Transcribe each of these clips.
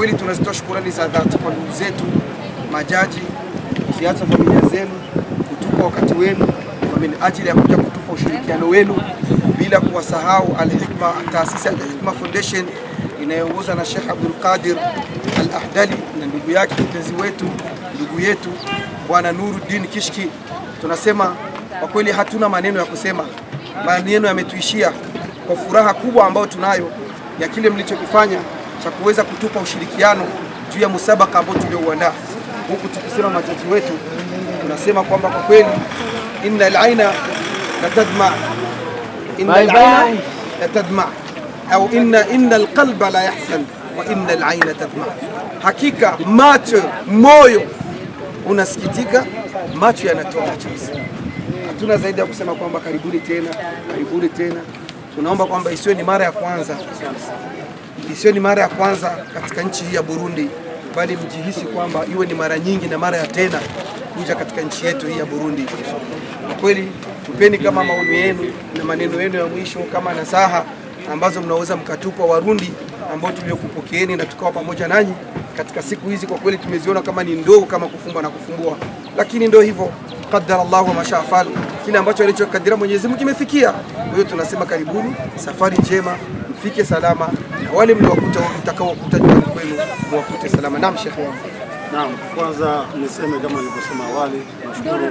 kweli tunazitoa shukurani za dhati kwa ndugu zetu majaji, siasa familia zenu, kutupa wakati wenu kwa ajili ya kuja kutupa ushirikiano wenu, bila kuwasahau Alhikma, taasisi ya Alhikma Foundation inayoongozwa na Sheikh Abdul Qadir Al-Ahdali na ndugu yake kipenzi wetu, ndugu yetu Bwana Nuruddin Kishki. Tunasema kwa kweli hatuna maneno ya kusema, maneno yametuishia kwa furaha kubwa ambayo tunayo ya kile mlichokifanya cha kuweza kutupa ushirikiano juu ya musabaka ambao tuliouandaa, huku tukisema majaji wetu, tunasema kwamba kwa kweli, inna alaina la tadma, inna alaina la tadma au inna inna alqalba la yahsan wa inna alaina tadma, hakika macho moyo unasikitika, macho yanatoa machozi. Hatuna zaidi ya kusema kwamba karibuni tena, karibuni tena. Tunaomba kwamba isiwe ni mara ya kwanza isiyo ni mara ya kwanza katika nchi hii ya Burundi, bali mjihisi kwamba iwe ni mara nyingi na mara ya tena kuja katika nchi yetu hii ya Burundi. Kwa kweli, tupeni kama maoni yenu na maneno yenu ya mwisho kama nasaha ambazo mnaweza mkatupa Warundi ambao tuliokupokeeni na tukawa pamoja nanyi katika siku hizi. Kwa kweli tumeziona kama ni ndogo kama kufumba na kufumbua, lakini ndio hivyo, qadara Allahu wa mashafal, kile ambacho alichokadiria Mwenyezi Mungu kimefikia. Kwa hiyo tunasema karibuni, safari njema, mfike salama na wale mliowakuta mtakaowakuta jirani kwenu wakute salama. Naam, Sheikh wangu. Naam, kwanza niseme kama nilivyosema awali, nashukuru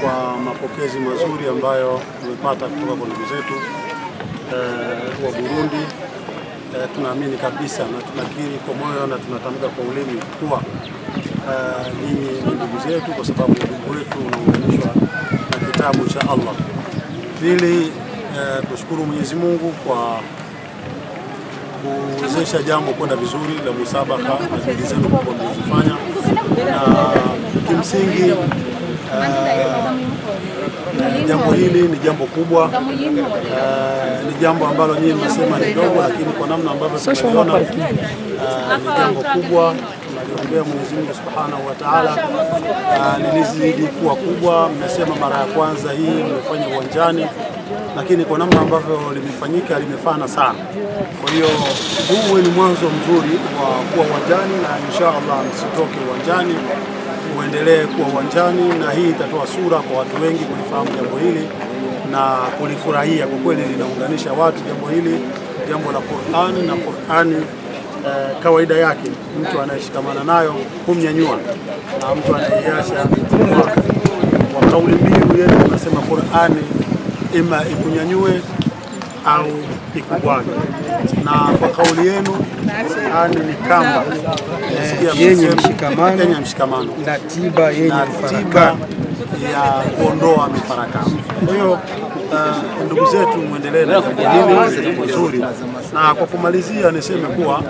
kwa mapokezi mazuri ambayo tumepata kutoka kwa ndugu zetu e, wa Burundi. E, tunaamini kabisa na tunakiri kwa moyo na tunatamka kwa ulimi kuwa eh, ninyi ni ndugu zetu, kwa sababu ndugu wetu unaunganishwa na kitabu cha Allah. Pili, e, eh, tushukuru Mwenyezi Mungu kwa kuwezesha jambo kwenda vizuri la musabaka na juhudi zenu kubwa mlizofanya, na kimsingi eh, jambo hili ni jambo kubwa eh, ni jambo ambalo nyinyi mnasema ni dogo, lakini kwa namna ambavyo tunaliona eh, ni jambo kubwa tunaliombea Mwenyezi Mungu Subhanahu wa Ta'ala lilizidi kuwa kubwa. Mmesema mara ya kwanza hii mmefanya uwanjani, lakini kwa namna ambavyo limefanyika limefana sana. Kwa hiyo huu ni mwanzo mzuri wa kuwa uwanjani, na inshallah msitoke uwanjani, uendelee kuwa uwanjani, na hii itatoa sura kwa watu wengi kulifahamu jambo hili na kulifurahia. Kwa kweli linaunganisha watu jambo hili, jambo la Qur'ani na Qur'ani eh, kawaida yake mtu anayeshikamana nayo humnyanyua na mtu anayeiacha kwa kauli mbiu yetu, anasema Qur'ani ima ikunyanyue au Ikubwana, na kwa kauli yenu ani ni kamba yenye mshikamano yenye mshikamano na tiba yenye mfarakano ya kuondoa mifarakano. Kwa hiyo uh, ndugu zetu muendelee na jambo zuri, na kwa kumalizia niseme kuwa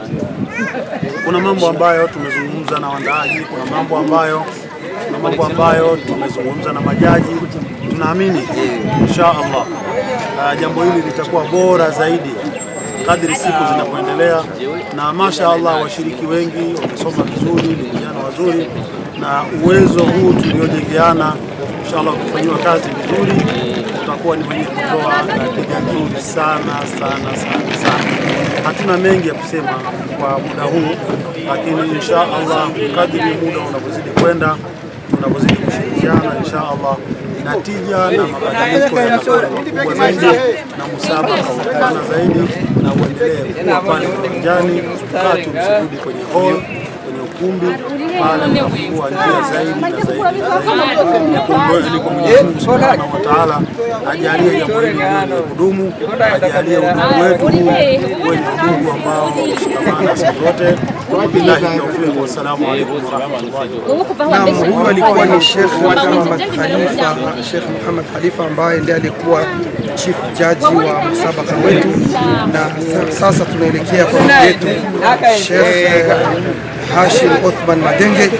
kuna mambo ambayo tumezungumza na wandaaji, kuna mambo ambayo kuna mambo ambayo tumezungumza na majaji tunaamini insha Allah uh, jambo hili litakuwa bora zaidi kadri siku zinapoendelea, na masha Allah washiriki wengi wamesoma vizuri, ni vijana wazuri, na uwezo huu tuliojengeana insha Allah kufanyiwa kazi vizuri utakuwa ni mwenye kutoa natija nzuri sana sana sana sana. Hatuna mengi ya kusema kwa muda huu, lakini insha Allah kadri muda unavyozidi kwenda tunavyozidi kushirikiana insha Allah na tija na mabadiliko na musaba utaana zaidi na uendelee kuwa pale uwanjani, kaa tusirudi kwenye hall, kwenye ukumbi pale kufungua njia zaidi na Ta'ala ajalie jambo hili kudumu, ajalie udugu wetu wenye udugu ambao ushikamana siku zote. Wassalamu alaykum wa rahmatullahi. Huyu alikuwa ni Sheikh Muhammad Khalifa, Sheikh Muhammad Khalifa ambaye ndiye alikuwa chief jaji wa msabaka wetu, na sasa tunaelekea kwa yetu Sheikh eh, Hashim Othman Madenge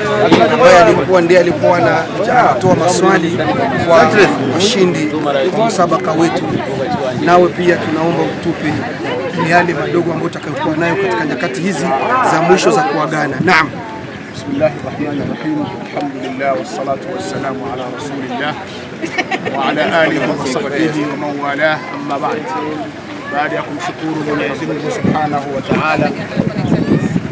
ambaye alikuwa ndiye alikuwa anatoa maswali kwa washindi wa msabaka wetu. Nawe pia tunaomba utupe yale madogo ambayo utakayokuwa nayo katika nyakati hizi za mwisho za kuagana. Naam. بسم الله الرحمن الرحيم الحمد لله والصلاة والسلام على رسول الله وعلى آله وصحبه ومن والاه أما بعد بعد يكون شكور لنعزمه سبحانه وتعالى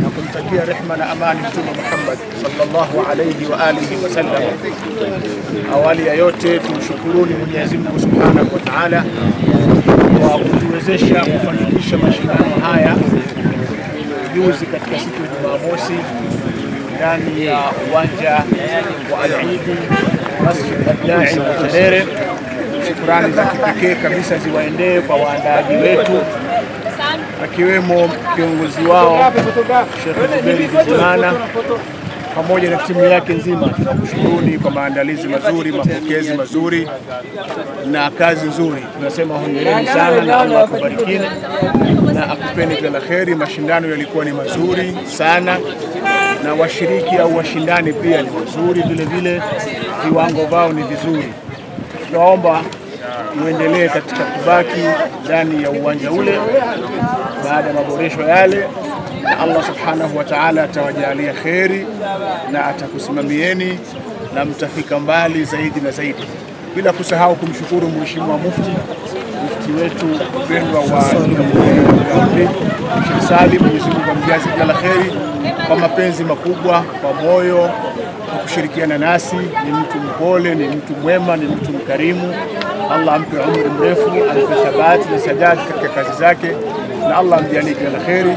نقول تكيا رحمة أمان محمد صلى الله عليه وآله وسلم أولي أيوتي يكون شكور Mwenyezi سبحانه وتعالى wa Ta'ala kwa kutuwezesha kufanikisha mashindano haya juzi katika ndani ya uwanja wa Al-Eid Masjid Abdulahi Buterere. Shukurani za kipekee kabisa ziwaendee kwa waandaaji wetu akiwemo kiongozi wao Sheikh Zuberi Vizimana pamoja na timu yake nzima tunakushukuruni kwa maandalizi mazuri, mapokezi mazuri na kazi nzuri. Tunasema hongereni sana na Allah akubarikini na akupeni kila la kheri. Mashindano yalikuwa ni mazuri sana na washiriki au washindani pia ni wazuri vile vile, viwango vao ni vizuri. Tunaomba muendelee katika kubaki ndani ya uwanja ule baada ya maboresho yale na Allah subhanahu wa ta'ala atawajalia kheri na atakusimamieni na mtafika mbali zaidi na zaidi, bila kusahau kumshukuru Mheshimiwa Mufti, mufti wetu mpendwa wa Sheikh Salim. Mwenyezi Mungu amjaze kila la kheri kwa mapenzi makubwa, kwa moyo kwa kushirikiana nasi. Ni mtu mpole, ni mtu mwema, ni mtu mkarimu. Allah ampe umri mrefu, ampe thabati na sadati katika kazi zake, na Allah amjalie kila la kheri.